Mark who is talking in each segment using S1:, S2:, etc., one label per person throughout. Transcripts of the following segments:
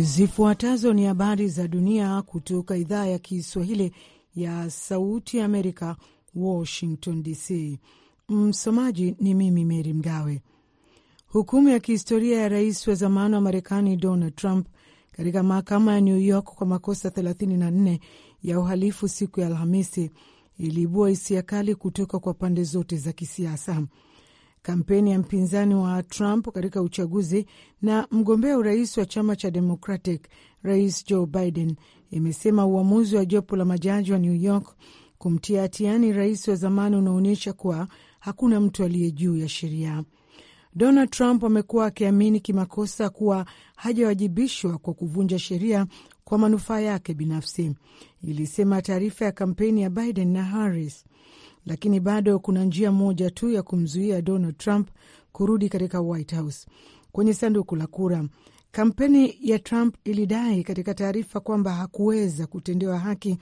S1: Zifuatazo ni habari za dunia kutoka idhaa ya Kiswahili ya Sauti Amerika, Washington DC. Msomaji ni mimi Meri Mgawe. Hukumu ya kihistoria ya rais wa zamani wa Marekani Donald Trump katika mahakama ya New York kwa makosa 34 ya uhalifu siku ya Alhamisi iliibua hisia kali kutoka kwa pande zote za kisiasa kampeni ya mpinzani wa Trump katika uchaguzi na mgombea urais wa chama cha Democratic Rais Joe Biden imesema uamuzi wa jopo la majaji wa New York kumtia hatiani rais wa zamani unaonyesha kuwa hakuna mtu aliye juu ya sheria. Donald Trump amekuwa akiamini kimakosa kuwa hajawajibishwa kwa kuvunja sheria kwa manufaa yake binafsi, ilisema taarifa ya kampeni ya Biden na Harris lakini bado kuna njia moja tu ya kumzuia Donald Trump kurudi katika White House, kwenye sanduku la kura. Kampeni ya Trump ilidai katika taarifa kwamba hakuweza kutendewa haki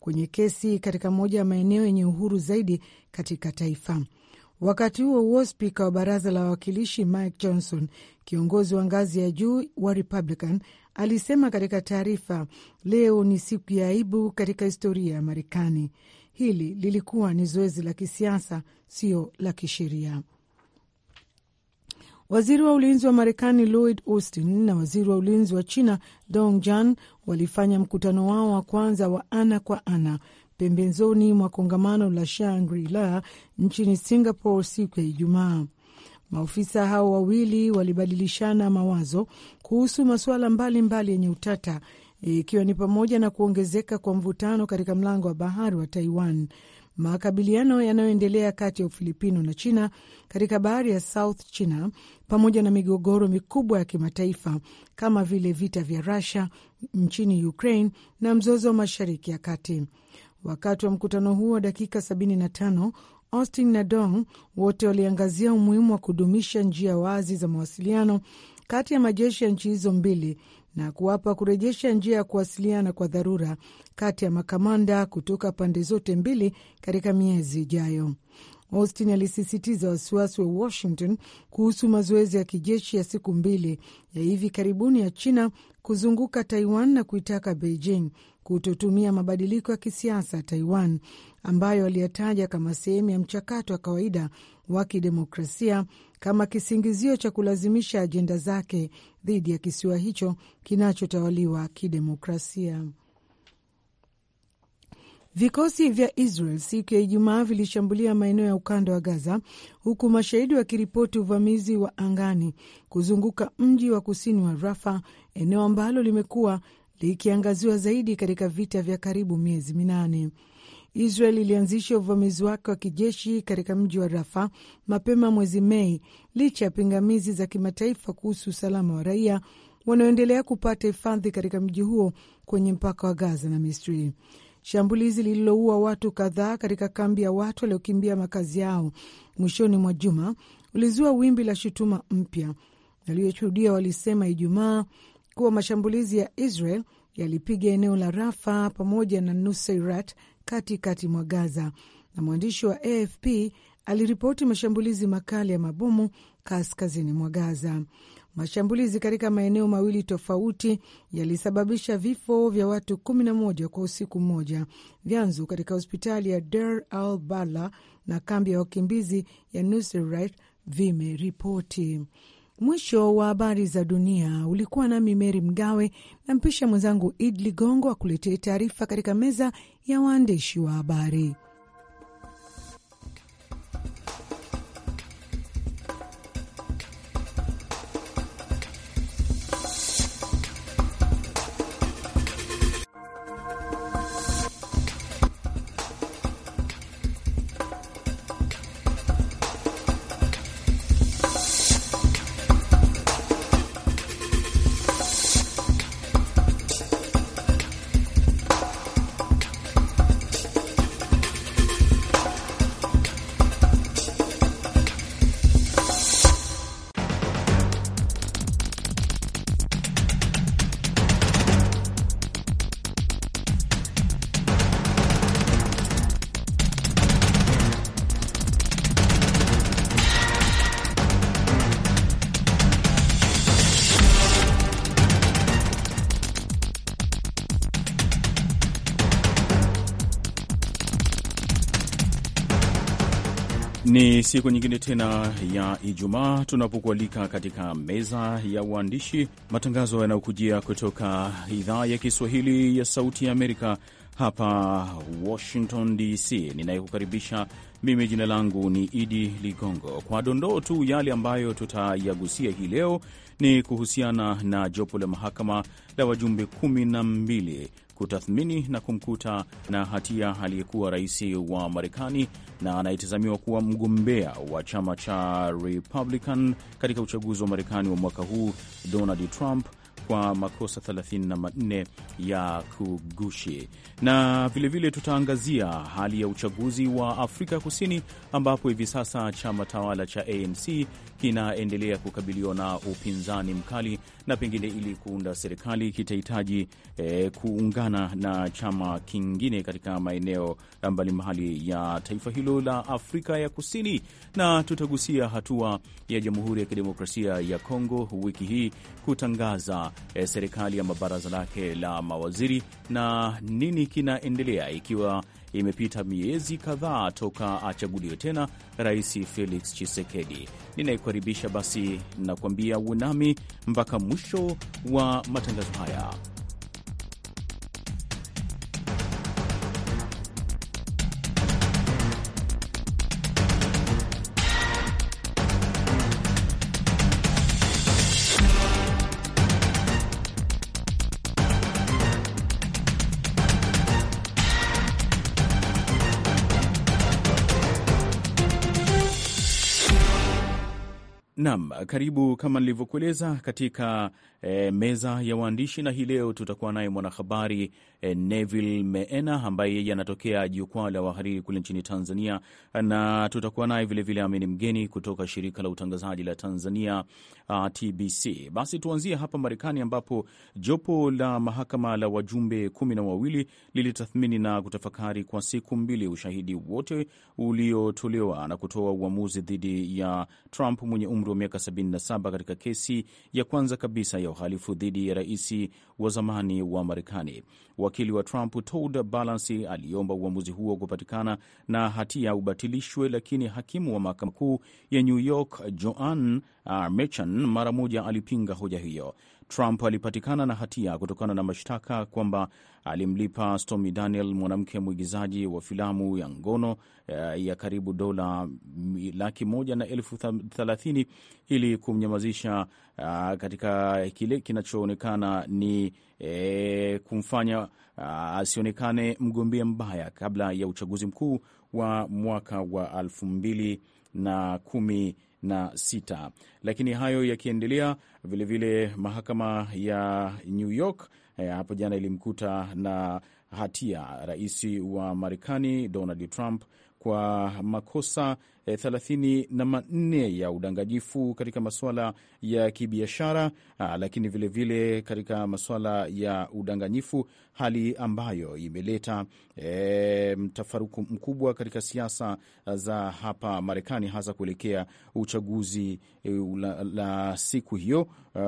S1: kwenye kesi katika moja ya maeneo yenye uhuru zaidi katika taifa. Wakati huo huo, spika wa baraza la wawakilishi Mike Johnson, kiongozi wa ngazi ya juu wa Republican, alisema katika taarifa, leo ni siku ya aibu katika historia ya Marekani hili lilikuwa ni zoezi la kisiasa, sio la kisheria. Waziri wa ulinzi wa Marekani Lloyd Austin na waziri wa ulinzi wa China Dong Jan walifanya mkutano wao wa kwanza wa ana kwa ana pembezoni mwa kongamano la Shangri-La nchini Singapore siku ya Ijumaa. Maofisa hao wawili walibadilishana mawazo kuhusu masuala mbalimbali yenye mbali utata ikiwa ni pamoja na kuongezeka kwa mvutano katika mlango wa bahari wa Taiwan, makabiliano yanayoendelea kati ya Ufilipino na China katika bahari ya South China, pamoja na migogoro mikubwa ya kimataifa kama vile vita vya Rusia nchini Ukraine na mzozo wa Mashariki ya Kati. Wakati wa mkutano huo wa dakika 75 Austin na Dong wote waliangazia umuhimu wa kudumisha njia wazi za mawasiliano kati ya majeshi ya nchi hizo mbili na kuwapa kurejesha njia ya kuwasiliana kwa dharura kati ya makamanda kutoka pande zote mbili katika miezi ijayo. Austin alisisitiza wasiwasi wa Washington kuhusu mazoezi ya kijeshi ya siku mbili ya hivi karibuni ya China kuzunguka Taiwan na kuitaka Beijing kutotumia mabadiliko ya kisiasa Taiwan ambayo aliyataja kama sehemu ya mchakato wa kawaida wa kidemokrasia kama kisingizio cha kulazimisha ajenda zake dhidi ya kisiwa hicho kinachotawaliwa kidemokrasia. Vikosi vya Israel siku ya Ijumaa vilishambulia maeneo ya ukanda wa Gaza, huku mashahidi wakiripoti uvamizi wa angani kuzunguka mji wa kusini wa Rafa, eneo ambalo limekuwa likiangaziwa zaidi katika vita vya karibu miezi minane. Israel ilianzisha uvamizi wake wa kijeshi katika mji wa Rafa mapema mwezi Mei licha ya pingamizi za kimataifa kuhusu usalama wa raia wanaoendelea kupata hifadhi katika mji huo kwenye mpaka wa Gaza na Misri. Shambulizi lililoua watu kadhaa katika kambi ya watu waliokimbia makazi yao mwishoni mwa juma ulizua wimbi la shutuma mpya. Walioshuhudia walisema Ijumaa kuwa mashambulizi ya Israel yalipiga eneo la Rafa pamoja na Nuseirat katikati mwa Gaza, na mwandishi wa AFP aliripoti mashambulizi makali ya mabomu kaskazini mwa Gaza. Mashambulizi katika maeneo mawili tofauti yalisababisha vifo vya watu 11 kwa usiku mmoja. Vyanzo katika hospitali ya der al bala na kambi ya wakimbizi ya nuserit vimeripoti. Mwisho wa habari za dunia. Ulikuwa nami Meri Mgawe na mpisha mwenzangu Id Ligongo akuletee taarifa katika meza ya waandishi wa habari.
S2: Ni siku nyingine tena ya Ijumaa tunapokualika katika meza ya waandishi, matangazo yanayokujia kutoka idhaa ya Kiswahili ya Sauti ya Amerika hapa Washington DC. Ninayekukaribisha mimi jina langu ni Idi Ligongo. Kwa dondoo tu yale ambayo tutayagusia hii leo ni kuhusiana na jopo la mahakama la wajumbe kumi na mbili kutathmini na kumkuta na hatia aliyekuwa rais wa Marekani na anayetazamiwa kuwa mgombea wa chama cha Republican katika uchaguzi wa Marekani wa mwaka huu Donald Trump kwa makosa 34 ya kugushi. Na vilevile tutaangazia hali ya uchaguzi wa Afrika Kusini ambapo hivi sasa chama tawala cha ANC kinaendelea kukabiliwa na upinzani mkali na pengine ili kuunda serikali kitahitaji e, kuungana na chama kingine katika maeneo mbalimbali ya taifa hilo la Afrika ya Kusini, na tutagusia hatua ya Jamhuri ya Kidemokrasia ya Kongo wiki hii kutangaza e, serikali ama baraza lake la mawaziri na nini kinaendelea ikiwa imepita miezi kadhaa toka achaguliwe tena Rais Felix Chisekedi. Ninayekukaribisha basi nakuambia unami mpaka mwisho wa matangazo haya. Nam, karibu kama nilivyokueleza katika e, meza ya waandishi, na hii leo tutakuwa naye mwanahabari e, Neville Meena ambaye yeye anatokea jukwaa la wahariri kule nchini Tanzania, na tutakuwa naye vilevile Amini Mgeni kutoka shirika la utangazaji la Tanzania a, TBC. Basi tuanzie hapa Marekani ambapo jopo la mahakama la wajumbe kumi na wawili lilitathmini na kutafakari kwa siku mbili ushahidi wote uliotolewa na kutoa uamuzi dhidi ya Trump mwenye umri wa miaka 77 katika kesi ya kwanza kabisa ya uhalifu dhidi ya rais wa zamani wa Marekani. Wakili wa Trump Todd balancy aliomba uamuzi huo kupatikana na hatia ubatilishwe, lakini hakimu wa mahakama kuu ya New York Joan Merchan mara moja alipinga hoja hiyo. Trump alipatikana na hatia kutokana na mashtaka kwamba alimlipa Stormy Daniel, mwanamke mwigizaji wa filamu ya ngono eh, ya karibu dola laki moja na elfu thelathini ili kumnyamazisha ah, katika kile kinachoonekana ni e, kumfanya ah, asionekane mgombea mbaya kabla ya uchaguzi mkuu wa mwaka wa elfu mbili na kumi na sita. Lakini hayo yakiendelea, vilevile mahakama ya New York eh, hapo jana ilimkuta na hatia rais wa Marekani Donald Trump kwa makosa 34 eh, ya udanganyifu katika masuala ya kibiashara, ah, lakini vilevile vile katika masuala ya udanganyifu, hali ambayo imeleta e, mtafaruku mkubwa katika siasa ah, za hapa Marekani, hasa kuelekea uchaguzi eh, la, la siku hiyo uh,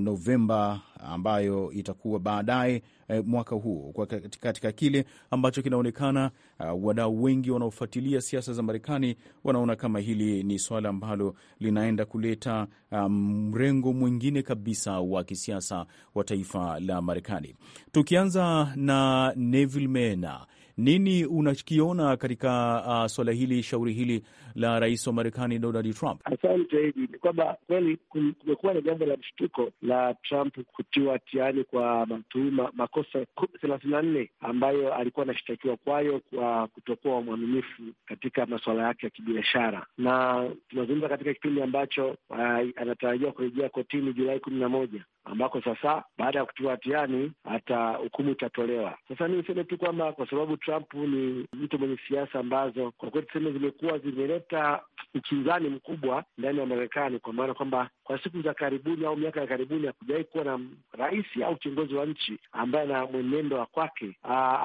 S2: Novemba ambayo itakuwa baadaye mwaka huu kwa katika kile ambacho kinaonekana uh, wadau wengi wanaofuatilia siasa za Marekani wana wanaona kama hili ni swala ambalo linaenda kuleta um, mrengo um, mwingine kabisa wa kisiasa wa taifa la Marekani. Tukianza na Neville Mena nini unakiona katika uh, swala hili, shauri hili la rais wa Marekani Donald Trump?
S3: Asante Idi, ni kwamba kweli kumekuwa na jambo la mshtuko la Trump kutiwa tiani kwa matuma, makosa thelathini na nne ambayo alikuwa anashitakiwa kwayo kwa kutokuwa mwaminifu katika masuala yake ya kibiashara, na tunazungumza katika kipindi ambacho uh, anatarajiwa kurejea kotini Julai kumi na moja ambako sasa baada ya kutiwa hatiani hata hukumu itatolewa. Sasa mi niseme tu kwamba kwa sababu Trump ni mtu mwenye siasa ambazo kwa kweli tuseme zimekuwa zimeleta ukinzani mkubwa ndani ya Marekani, kwa maana kwamba kwa siku za karibuni au miaka ya karibuni hakujawahi kuwa na rais au kiongozi wa nchi ambaye na mwenendo wa kwake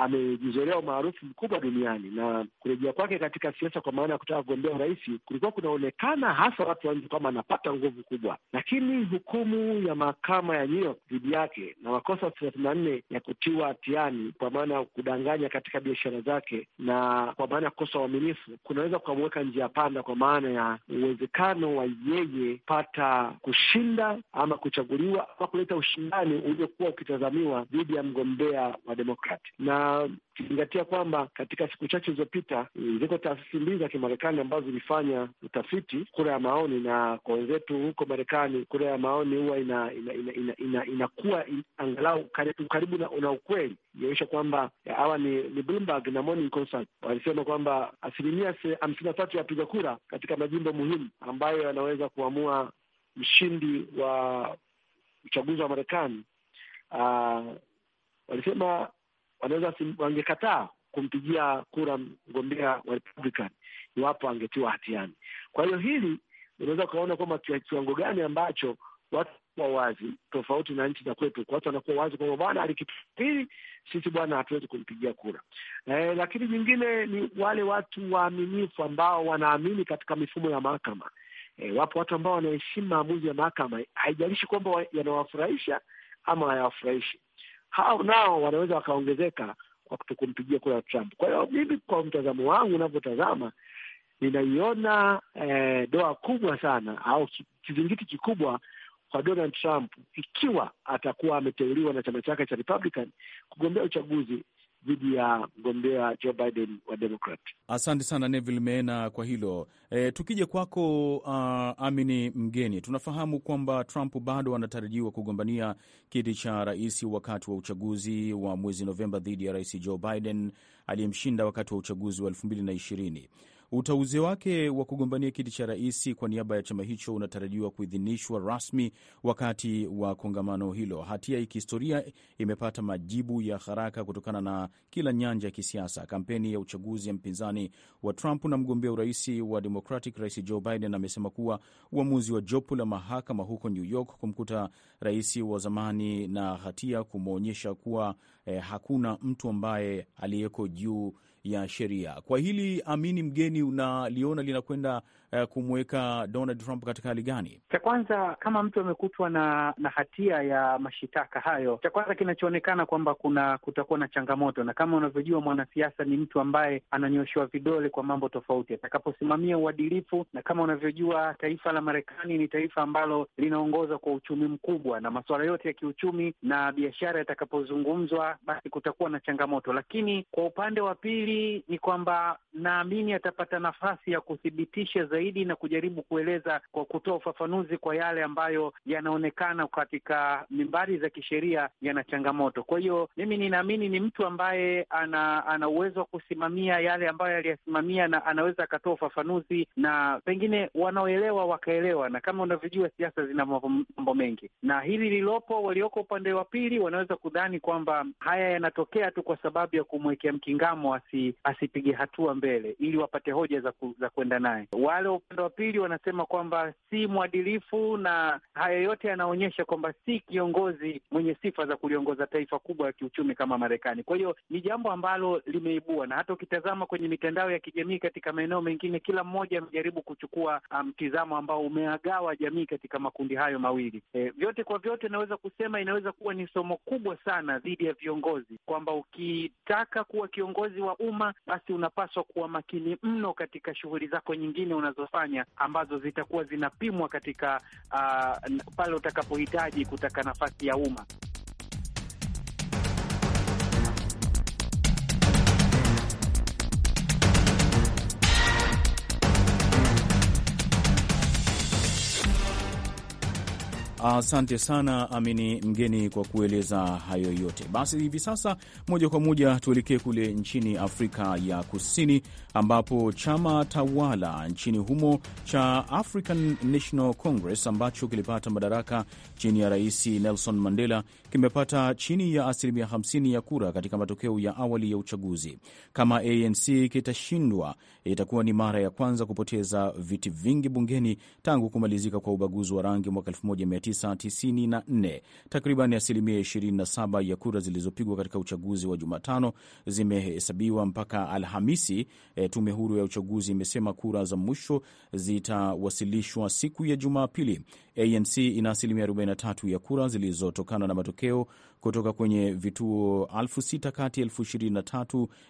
S3: amejizolea umaarufu mkubwa duniani. Na kurejea kwake katika siasa kwa maana ya kutaka kugombea urais kulikuwa kunaonekana hasa watu wa nje kwamba anapata nguvu kubwa, lakini hukumu ya mahakama ya New York dhidi yake na makosa thelathini na nne ya kutiwa hatiani kwa maana ya kudanganya katika biashara zake na kwa maana ya kukosa uaminifu kunaweza kukamuweka njia panda, kwa maana ya uwezekano wa yeye pata kushinda ama kuchaguliwa ama kuleta ushindani uliokuwa ukitazamiwa dhidi ya mgombea wa Demokrati na kizingatia kwamba katika siku chache zilizopita ziko taasisi mbili za Kimarekani ambazo zilifanya utafiti kura ya maoni, na kwa wenzetu huko Marekani kura ya maoni huwa ina inakuwa ina, ina, ina, ina angalau karibu, karibu na, na ukweli ionyesha kwamba eh, hawa ni, ni Bloomberg na Morning Consult walisema kwamba asilimia hamsini na tatu ya wapiga kura katika majimbo muhimu ambayo yanaweza kuamua mshindi wa uchaguzi wa Marekani uh, walisema wanaweza wangekataa kumpigia kura mgombea wa Republican iwapo angetiwa hatiani. Kwa hiyo hili unaweza ukaona kwamba kiwango gani ambacho watu wa wazi tofauti na nchi za kwetu, watu wanakuwa wazi kwamba bwana alikipili, sisi, bwana hatuwezi kumpigia kura eh. Lakini nyingine ni wale watu waaminifu ambao wanaamini katika mifumo ya mahakama E, wapo watu ambao wanaheshimu maamuzi ya mahakama, haijalishi kwamba yanawafurahisha ama hayawafurahishi. Hao nao wanaweza wakaongezeka kwa kutokumpigia kura Trump. Kwa hiyo mimi, kwa mtazamo wangu, unavyotazama ninaiona e, doa kubwa sana au kizingiti kikubwa kwa Donald Trump ikiwa atakuwa ameteuliwa na chama chake cha Republican kugombea uchaguzi dhidi ya mgombea Joe Biden
S2: wa Demokrat. Asante sana Neville Meena kwa hilo. E, eh, tukija kwako uh, Amini Mgeni, tunafahamu kwamba Trump bado anatarajiwa kugombania kiti cha rais wakati wa uchaguzi wa mwezi Novemba dhidi ya rais Joe Biden aliyemshinda wakati wa uchaguzi wa elfu mbili na ishirini. Uteuzi wake wa kugombania kiti cha rais kwa niaba ya chama hicho unatarajiwa kuidhinishwa rasmi wakati wa kongamano hilo. Hatia ya kihistoria imepata majibu ya haraka kutokana na kila nyanja ya kisiasa. Kampeni ya uchaguzi ya mpinzani wa Trump na mgombea urais wa Democratic, Rais Joe Biden amesema kuwa uamuzi wa jopo la mahakama huko New York kumkuta rais wa zamani na hatia kumwonyesha kuwa eh, hakuna mtu ambaye aliyeko juu ya sheria. Kwa hili Amini Mgeni, unaliona linakwenda eh, kumweka Donald Trump katika hali gani?
S4: Cha kwanza, kama mtu amekutwa na na hatia ya mashitaka hayo, cha kwanza kinachoonekana kwamba kuna kutakuwa na changamoto, na kama unavyojua mwanasiasa ni mtu ambaye ananyoshewa vidole kwa mambo tofauti atakaposimamia uadilifu, na kama unavyojua taifa la Marekani ni taifa ambalo linaongoza kwa uchumi mkubwa, na masuala yote ya kiuchumi na biashara yatakapozungumzwa, basi kutakuwa na changamoto. Lakini kwa upande wa pili ni kwamba naamini atapata nafasi ya kuthibitisha zaidi zaidi na kujaribu kueleza kwa kutoa ufafanuzi kwa yale ambayo yanaonekana katika mimbari za kisheria yana changamoto. Kwa hiyo mimi ninaamini ni mtu ambaye ana ana uwezo wa kusimamia yale ambayo aliyasimamia, na anaweza akatoa ufafanuzi na pengine wanaoelewa wakaelewa, na kama unavyojua siasa zina mambo mengi, na hili lilopo walioko upande wa pili wanaweza kudhani kwamba haya yanatokea tu kwa sababu ya kumwekea mkingamo, asipige hatua mbele ili wapate hoja za, ku, za kwenda naye wale wa upande wa pili wanasema kwamba si mwadilifu, na haya yote yanaonyesha kwamba si kiongozi mwenye sifa za kuliongoza taifa kubwa ya kiuchumi kama Marekani. Kwa hiyo ni jambo ambalo limeibua, na hata ukitazama kwenye mitandao ya kijamii katika maeneo mengine, kila mmoja amejaribu kuchukua um, mtizamo um, ambao umeagawa jamii katika makundi hayo mawili. E, vyote kwa vyote, naweza kusema inaweza kuwa ni somo kubwa sana dhidi ya viongozi kwamba ukitaka kuwa kiongozi wa umma, basi unapaswa kuwa makini mno katika shughuli zako nyingine unazo unazofanya ambazo zitakuwa zinapimwa katika uh, pale utakapohitaji kutaka nafasi ya umma.
S2: Asante sana Amini Mgeni kwa kueleza hayo yote. Basi hivi sasa moja kwa moja tuelekee kule nchini Afrika ya Kusini, ambapo chama tawala nchini humo cha African National Congress ambacho kilipata madaraka chini ya Rais Nelson Mandela kimepata chini ya asilimia 50 ya kura katika matokeo ya awali ya uchaguzi. Kama ANC kitashindwa itakuwa ni mara ya kwanza kupoteza viti vingi bungeni tangu kumalizika kwa ubaguzi wa rangi mwaka 1994. Takriban asilimia 27 ya kura zilizopigwa katika uchaguzi wa Jumatano zimehesabiwa mpaka Alhamisi. E, tume huru ya uchaguzi imesema kura za mwisho zitawasilishwa siku ya Jumapili. ANC ina asilimia 43 ya kura zilizotokana na matokeo kutoka kwenye vituo 6 kati ya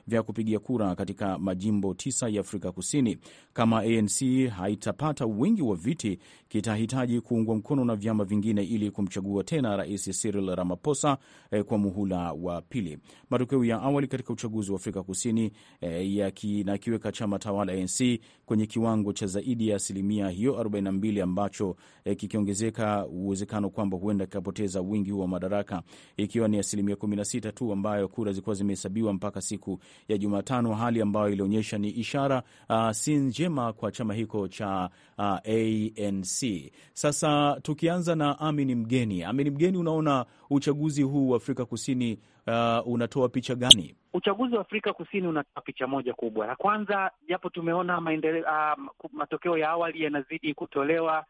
S2: vya kupigia kura katika majimbo tisa ya Afrika Kusini. Kama ANC haitapata wingi wa viti, kitahitaji kuungwa mkono na vyama vingine ili kumchagua tena Rais Cyril Ramaphosa eh, kwa muhula wa pili. Matokeo ya awali katika uchaguzi wa Afrika Kusini eh, yanakiweka chama tawala ANC kwenye kiwango cha zaidi ya asilimia hiyo 42 ambacho eh, kikiongezeka uwezekano kwamba huenda kikapoteza wingi wa madaraka ikiwa ni asilimia 16 tu ambayo kura zilikuwa zimehesabiwa mpaka siku ya Jumatano, hali ambayo ilionyesha ni ishara uh, si njema kwa chama hiko cha uh, ANC. Sasa tukianza na Amin Mgeni, Amin Mgeni, unaona uchaguzi huu wa Afrika Kusini uh, unatoa picha gani?
S4: Uchaguzi wa Afrika Kusini unatoa picha moja kubwa. La kwanza, japo tumeona maendeleo uh, matokeo ya awali yanazidi kutolewa,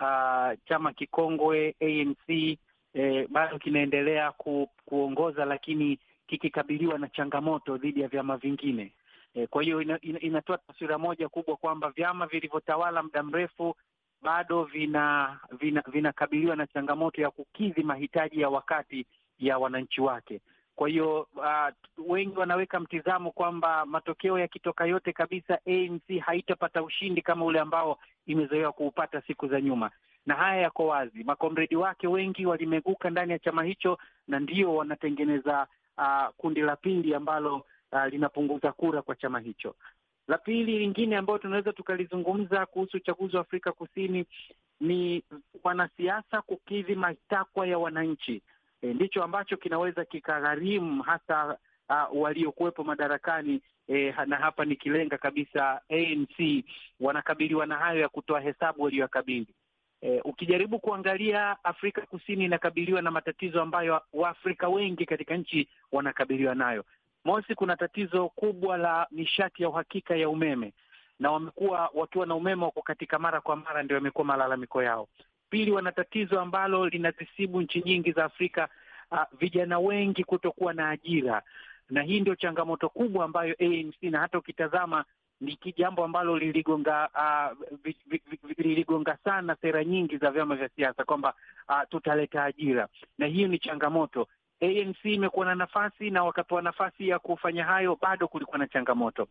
S4: uh, chama kikongwe ANC eh, bado kinaendelea ku, kuongoza lakini kikikabiliwa na changamoto dhidi ya vyama vingine. Eh, kwa hiyo ina, ina, inatoa taswira moja kubwa kwamba vyama vilivyotawala muda mrefu bado vina vinakabiliwa vina na changamoto ya kukidhi mahitaji ya wakati ya wananchi wake. Kwa hiyo uh, wengi wanaweka mtizamo kwamba matokeo yakitoka yote kabisa, ANC haitapata ushindi kama ule ambao imezoea kuupata siku za nyuma na haya yako wazi. Makomredi wake wengi walimeguka ndani ya chama hicho na ndio wanatengeneza uh, kundi la pili ambalo uh, linapunguza kura kwa chama hicho. La pili lingine ambayo tunaweza tukalizungumza kuhusu uchaguzi wa Afrika Kusini ni wanasiasa kukidhi matakwa ya wananchi. E, ndicho ambacho kinaweza kikagharimu hasa uh, ah, waliokuwepo madarakani e, na hapa nikilenga kabisa ANC wanakabiliwa na hayo ya kutoa hesabu walioyakabili. E, ukijaribu kuangalia Afrika Kusini inakabiliwa na matatizo ambayo Waafrika wengi katika nchi wanakabiliwa nayo. Mosi, kuna tatizo kubwa la nishati ya uhakika ya umeme, na wamekuwa wakiwa na umeme wako katika mara kwa mara, ndio yamekuwa malalamiko yao. Pili, wana tatizo ambalo linazisibu nchi nyingi za Afrika, uh, vijana wengi kutokuwa na ajira, na hii ndio changamoto kubwa ambayo ANC na hata ukitazama ni jambo ambalo liligonga uh, liligonga sana sera nyingi za vyama vya siasa kwamba uh, tutaleta ajira, na hiyo ni changamoto. ANC imekuwa na nafasi na wakapewa nafasi ya kufanya hayo, bado kulikuwa na changamoto.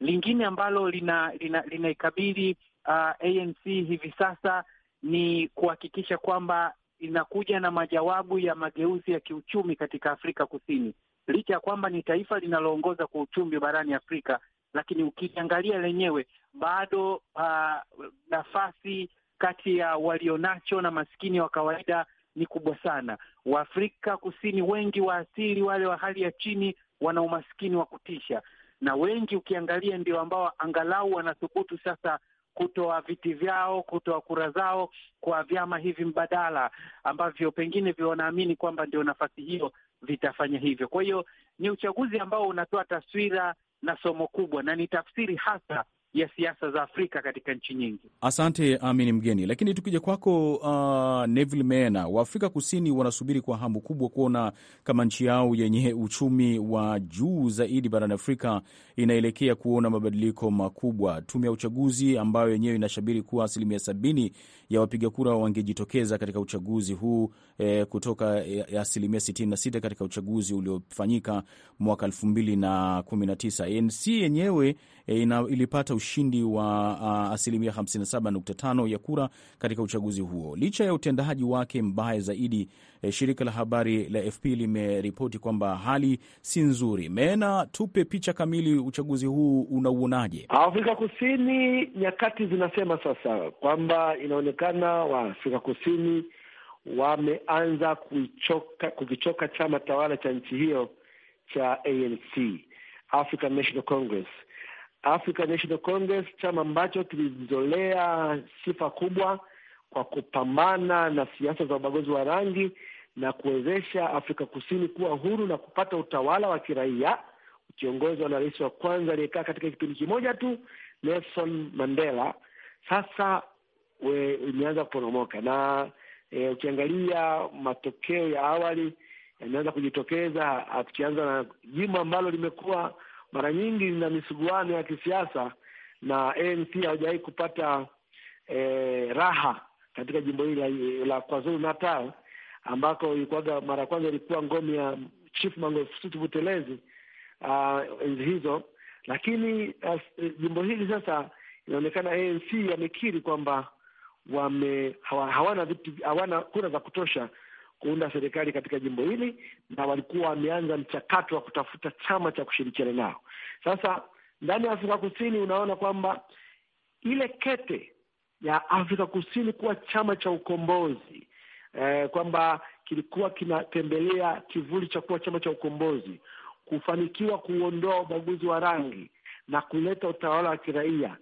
S4: Lingine ambalo linaikabili lina, lina uh, ah, ANC hivi sasa ni kuhakikisha kwamba inakuja na majawabu ya mageuzi ya kiuchumi katika Afrika Kusini, licha ya kwamba ni taifa linaloongoza kwa uchumi barani Afrika lakini ukiangalia lenyewe bado uh, nafasi kati ya walionacho na maskini wa kawaida ni kubwa sana. Waafrika Kusini wengi wa asili wale wa hali ya chini wana umaskini wa kutisha, na wengi ukiangalia ndio ambao angalau wanathubutu sasa kutoa viti vyao, kutoa kura zao kwa vyama hivi mbadala ambavyo pengine vyo wanaamini kwamba ndio nafasi hiyo vitafanya hivyo. Kwa hiyo ni uchaguzi ambao unatoa taswira na somo kubwa, na ni tafsiri hasa ya siasa za Afrika katika nchi nyingi.
S2: Asante Amini Mgeni. Lakini tukija kwako, uh, Neville Mena, Waafrika Kusini wanasubiri kwa hamu kubwa kuona kama nchi yao yenye uchumi wa juu zaidi barani Afrika inaelekea kuona mabadiliko makubwa. Tume ya uchaguzi ambayo yenyewe inashabiri kuwa asilimia sabini ya wapiga kura wangejitokeza katika uchaguzi huu e, kutoka eh, asilimia 66 katika uchaguzi uliofanyika mwaka 2019. ANC yenyewe e, ilipata ushindi wa ah, asilimia 57.5 ya kura katika uchaguzi huo, licha ya utendaji wake mbaya zaidi e, shirika la habari la FP limeripoti kwamba hali si nzuri. Meena, tupe picha kamili, uchaguzi huu unauonaje?
S3: Afrika Kusini, nyakati zinasema sasa kwamba inaonekana Waafrika Kusini wameanza kukichoka chama tawala cha nchi hiyo cha ANC, African National Congress. African National Congress, chama ambacho kilizolea sifa kubwa kwa kupambana na siasa za ubaguzi wa rangi na kuwezesha Afrika Kusini kuwa huru na kupata utawala wa kiraia ukiongozwa na rais wa kwanza aliyekaa katika kipindi kimoja tu, Nelson Mandela, sasa imeanza kuporomoka na e, ukiangalia matokeo ya awali yameanza kujitokeza, tukianza na jimbo ambalo limekuwa mara nyingi lina misuguano ya kisiasa na ANC hawajawahi kupata e, raha katika jimbo hili la, la KwaZulu Natal ambako ilikuwaga mara ya kwanza ilikuwa ngome ya Chief Mangosuthu Buthelezi uh, enzi hizo. Lakini uh, jimbo hili sasa inaonekana ANC wamekiri kwamba wame hawa, hawana vitu hawana kura za kutosha kuunda serikali katika jimbo hili, na walikuwa wameanza mchakato wa kutafuta chama cha kushirikiana nao. Sasa ndani ya Afrika Kusini unaona kwamba ile kete ya Afrika Kusini kuwa chama cha ukombozi eh, kwamba kilikuwa kinatembelea kivuli cha kuwa chama cha ukombozi, kufanikiwa kuondoa ubaguzi wa rangi na kuleta utawala wa kiraia.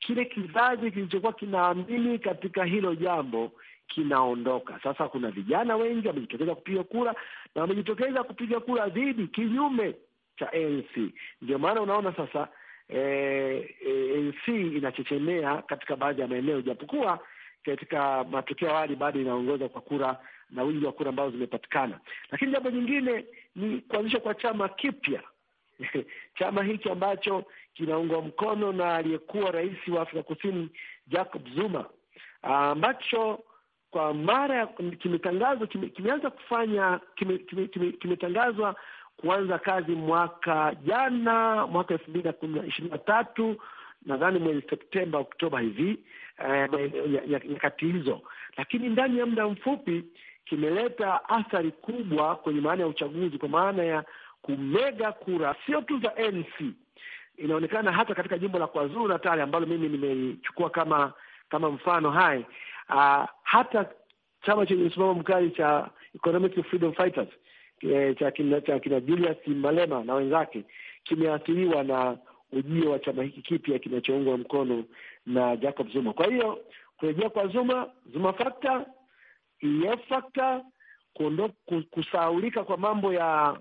S3: Kile kizazi kilichokuwa kinaamini katika hilo jambo kinaondoka sasa. Kuna vijana wengi wamejitokeza kupiga kura na wamejitokeza kupiga kura dhidi, kinyume cha ANC. Ndio maana unaona sasa eh, eh, inachechemea katika baadhi ya maeneo, japokuwa katika matokeo awali bado inaongoza kwa kura na wingi wa kura ambazo zimepatikana. Lakini jambo nyingine ni kuanzishwa kwa chama kipya chama hiki ambacho kinaungwa mkono na aliyekuwa rais wa Afrika Kusini Jacob Zuma, ambacho kwa mara kimetangazwa kime, kimeanza kufanya kimetangazwa kime, kime, kime kuanza kazi mwaka jana mwaka elfu mbili na ishirini na tatu nadhani mwezi Septemba, Oktoba hivi eh, hizo, lakini ndani ya muda mfupi kimeleta athari kubwa kwenye maana ya uchaguzi, kwa maana ya kumega kura sio tu za NC. Inaonekana hata katika jimbo la KwaZulu Natal ambalo mimi nimechukua kama kama mfano hai, uh, hata chama chenye msimamo mkali cha Economic Freedom Fighters e, cha kina Julius Malema na wenzake kimeathiriwa na ujio wa chama hiki kipya kinachoungwa mkono na Jacob Zuma. Kwa hiyo kurejea kwa Zuma, Zuma fakta, EF fakta, kusaulika kwa mambo ya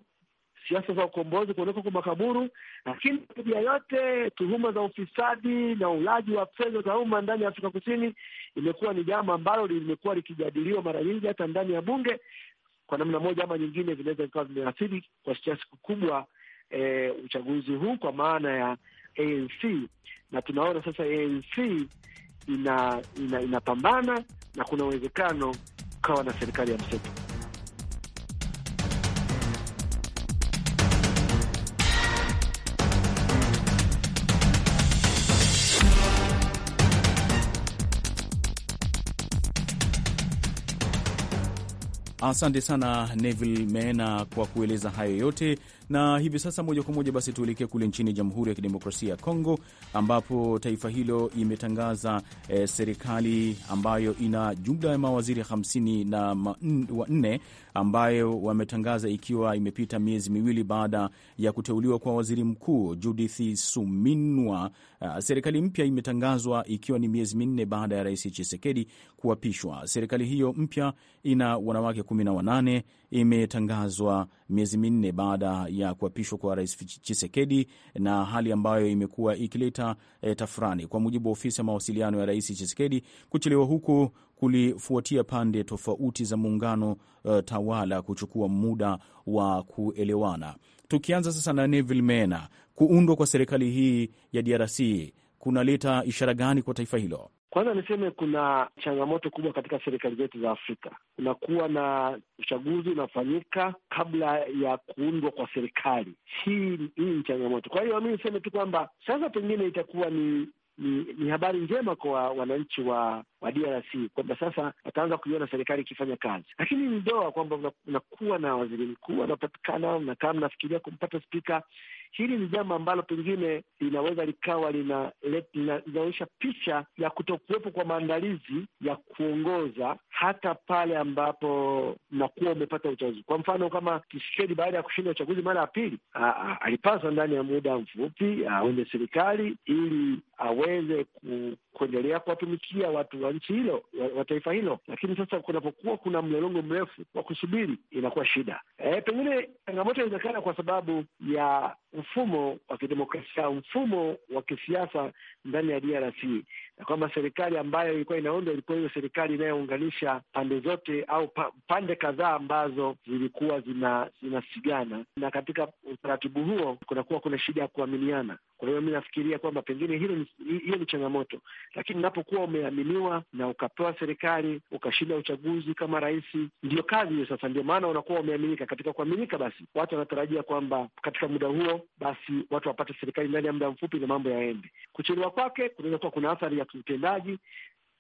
S3: siasa za ukombozi, kuondoka kwa makaburu, lakini pia yote tuhuma za ufisadi na ulaji wa fedha za umma ndani ya Afrika Kusini imekuwa ni jambo ambalo limekuwa likijadiliwa mara nyingi, hata ndani ya bunge kwa namna moja ama nyingine vinaweza vikawa vimeathiri kwa kiasi kikubwa e, uchaguzi huu kwa maana ya ANC, na tunaona sasa ANC ina inapambana ina na kuna uwezekano ukawa na serikali ya mseto.
S2: Asante sana Neville Meena kwa kueleza hayo yote na hivi sasa moja kwa moja basi tuelekee kule nchini Jamhuri ya Kidemokrasia ya Kongo, ambapo taifa hilo imetangaza e, serikali ambayo ina jumla ya mawaziri hamsini na wanne ambayo wametangaza ikiwa imepita miezi miwili baada ya kuteuliwa kwa waziri mkuu Judith Suminwa. Ah, serikali mpya imetangazwa ikiwa ni miezi minne baada ya Rais Chisekedi kuapishwa. Serikali hiyo mpya ina wanawake kumi na wanane imetangazwa miezi minne baada ya kuapishwa kwa Rais Chisekedi, na hali ambayo imekuwa ikileta e, tafurani. Kwa mujibu wa ofisi ya mawasiliano ya Rais Chisekedi, kuchelewa huku kulifuatia pande tofauti za muungano uh, tawala kuchukua muda wa kuelewana. Tukianza sasa na Neville Mena, kuundwa kwa serikali hii ya DRC kunaleta ishara gani kwa taifa hilo?
S3: Kwanza niseme kuna changamoto kubwa katika serikali zetu za Afrika. Kunakuwa na uchaguzi unafanyika kabla ya kuundwa kwa serikali. Hii hii ni changamoto. Kwa hiyo mi niseme tu kwamba sasa pengine itakuwa ni ni, ni habari njema kwa wananchi wa wa DRC kwamba sasa wataanza kuiona serikali ikifanya kazi, lakini ni doa kwamba unakuwa na waziri mkuu anapatikana, nakaa mnafikiria kumpata spika. Hili ni jambo ambalo pengine linaweza likawa linaonyesha picha ya kutokuwepo kwa maandalizi ya kuongoza hata pale ambapo nakuwa umepata uchaguzi. Kwa mfano kama Tshisekedi baada ya kushinda uchaguzi mara ya pili, alipaswa ndani ya muda mfupi aunde serikali ili aweze ku, kuendelea kuwatumikia watu wa nchi hilo wa taifa hilo, lakini sasa kunapokuwa kuna mlolongo mrefu wa kusubiri inakuwa shida. E, pengine changamoto inaonekana kwa sababu ya mfumo wa kidemokrasia, mfumo wa kisiasa ndani ya DRC ya kwamba serikali ambayo ilikuwa inaundwa ilikuwa hiyo serikali inayounganisha pande zote au pa, pande kadhaa ambazo zilikuwa zinasigana zina, na katika utaratibu huo kunakuwa kuna shida ya kuaminiana. Kwa hiyo mi nafikiria kwamba pengine hiyo ni changamoto, lakini unapokuwa umeaminiwa na ukapewa serikali ukashinda uchaguzi kama rais, ndiyo kazi hiyo sasa, ndio maana unakuwa umeaminika. Katika kuaminika, basi watu wanatarajia kwamba katika muda huo basi watu wapate serikali ndani ya muda mfupi na mambo yaende. Kuchelewa kwake kunaweza kuwa kuna athari ya tranquilidade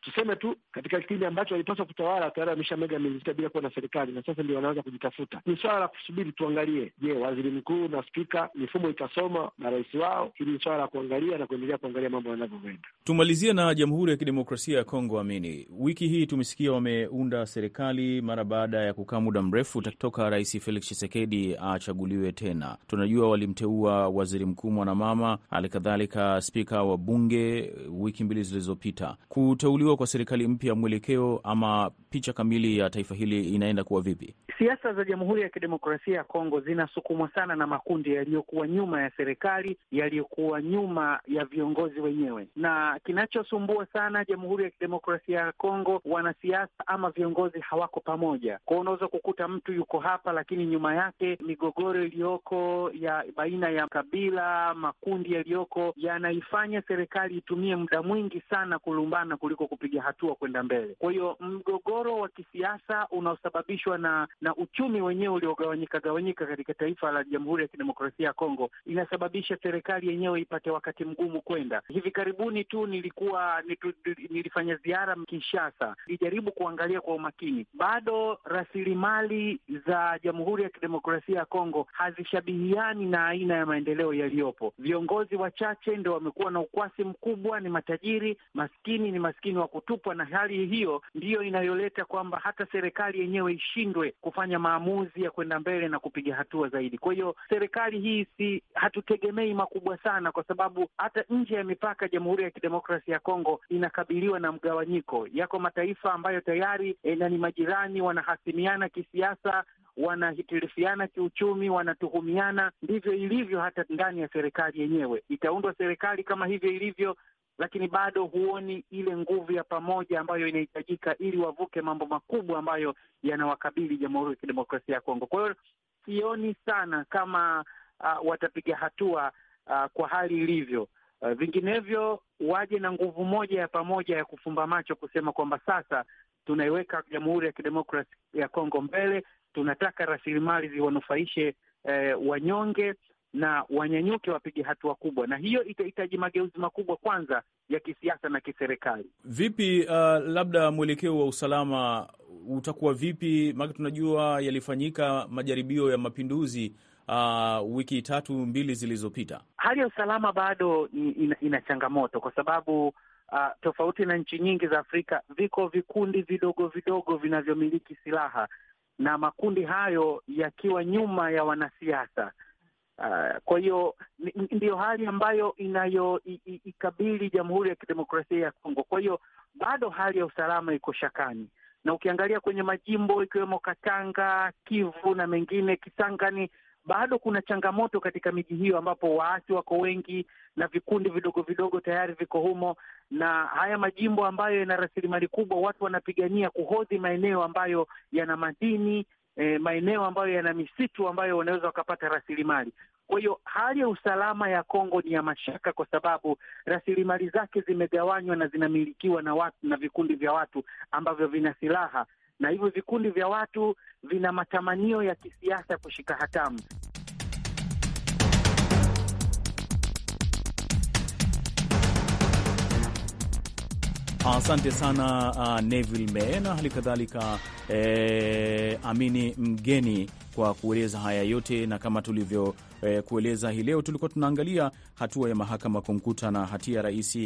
S3: tuseme tu katika kipindi ambacho walipaswa kutawala tayari wameshamega miezi sita bila kuwa na serikali, na sasa ndio wanaanza kujitafuta. Ni swala la kusubiri tuangalie, je, waziri mkuu na spika mifumo itasoma na rais wao? Hili ni swala la kuangalia na kuendelea kuangalia mambo yanavyoenda.
S2: Tumalizie na Jamhuri ya Kidemokrasia ya Kongo. Amini, wiki hii tumesikia wameunda serikali mara baada ya kukaa muda mrefu toka Rais Felix Tshisekedi achaguliwe tena. Tunajua walimteua waziri mkuu mwanamama, hali kadhalika spika wa bunge wiki mbili zilizopita kuteuliwa kuchaguliwa kwa serikali mpya, mwelekeo ama picha kamili ya taifa hili inaenda kuwa vipi?
S4: Siasa za Jamhuri ya Kidemokrasia ya Kongo zinasukumwa sana na makundi yaliyokuwa nyuma ya serikali, yaliyokuwa nyuma ya viongozi wenyewe, na kinachosumbua sana Jamhuri ya Kidemokrasia ya Kongo, wanasiasa ama viongozi hawako pamoja. Kwa unaweza kukuta mtu yuko hapa, lakini nyuma yake migogoro iliyoko ya baina ya kabila, makundi yaliyoko yanaifanya serikali itumie muda mwingi sana kulumbana kuliko kupiga hatua kwenda mbele. Kwa hiyo mgogoro wa kisiasa unaosababishwa na na uchumi wenyewe uliogawanyika gawanyika katika taifa la Jamhuri ya Kidemokrasia ya Kongo inasababisha serikali yenyewe ipate wakati mgumu kwenda. Hivi karibuni tu nilikuwa nitu, nilifanya ziara Kinshasa, nilijaribu kuangalia kwa umakini, bado rasilimali za Jamhuri ya Kidemokrasia ya Kongo hazishabihiani na aina ya maendeleo yaliyopo. Viongozi wachache ndio wamekuwa na ukwasi mkubwa, ni matajiri, maskini ni maskini wa kutupwa, na hali hiyo ndiyo inayoleta kwamba hata serikali yenyewe ishindwe kufanya maamuzi ya kwenda mbele na kupiga hatua zaidi. Kwa hiyo serikali hii si, hatutegemei makubwa sana, kwa sababu hata nje ya mipaka Jamhuri ya Kidemokrasia ya Kongo inakabiliwa na mgawanyiko. Yako mataifa ambayo tayari e, na ni majirani, wanahasimiana kisiasa wanahitirifiana kiuchumi, wanatuhumiana. Ndivyo ilivyo hata ndani ya serikali yenyewe. Itaundwa serikali kama hivyo ilivyo, lakini bado huoni ile nguvu ya pamoja ambayo inahitajika ili wavuke mambo makubwa ambayo yanawakabili Jamhuri ya Kidemokrasia ya Kongo. Kwa hiyo sioni sana kama uh, watapiga hatua uh, kwa hali ilivyo. Uh, vinginevyo waje na nguvu moja ya pamoja ya kufumba macho kusema kwamba sasa tunaiweka Jamhuri ya Kidemokrasia ya Kongo mbele, tunataka rasilimali ziwanufaishe eh, wanyonge na wanyanyuke wapige hatua kubwa, na hiyo itahitaji mageuzi makubwa kwanza ya kisiasa na kiserikali.
S2: Vipi uh, labda mwelekeo wa usalama utakuwa vipi? Maana tunajua yalifanyika majaribio ya mapinduzi uh, wiki tatu mbili zilizopita.
S4: Hali ya usalama bado ina, ina changamoto kwa sababu uh, tofauti na nchi nyingi za Afrika viko vikundi vidogo vidogo vinavyomiliki silaha na makundi hayo yakiwa nyuma ya wanasiasa Uh, kwa hiyo ndiyo hali ambayo inayoikabili Jamhuri ya Kidemokrasia ya Kongo. Kwa hiyo bado hali ya usalama iko shakani, na ukiangalia kwenye majimbo ikiwemo Katanga, Kivu na mengine Kisangani, bado kuna changamoto katika miji hiyo ambapo waasi wako wengi na vikundi vidogo vidogo tayari viko humo, na haya majimbo ambayo yana rasilimali kubwa, watu wanapigania kuhodhi maeneo ambayo yana madini E, maeneo ambayo yana misitu ambayo wanaweza wakapata rasilimali. Kwa hiyo hali ya usalama ya Kongo ni ya mashaka, kwa sababu rasilimali zake zimegawanywa na zinamilikiwa na watu na vikundi vya watu ambavyo vina silaha, na hivyo vikundi vya watu vina matamanio ya kisiasa kushika hatamu.
S2: Asante sana uh, Neville Meena, hali kadhalika eh, Amini Mgeni kwa kueleza haya yote, na kama tulivyo eh, kueleza hii leo, tulikuwa tunaangalia hatua ya mahakama kumkuta na hatia rais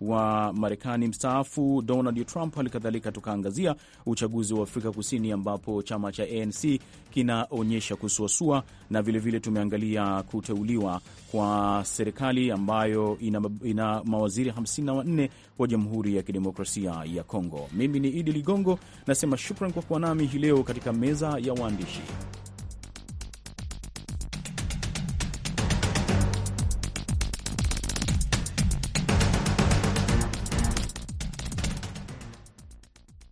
S2: wa Marekani mstaafu Donald Trump. halikadhalika tukaangazia uchaguzi wa Afrika Kusini ambapo chama cha ANC kinaonyesha kusuasua, na vilevile vile tumeangalia kuteuliwa kwa serikali ambayo ina, ina mawaziri 54 wa Jamhuri ya Kidemokrasia ya Kongo. Mimi ni Idi Ligongo, nasema shukran kwa kuwa nami hii leo katika meza ya waandishi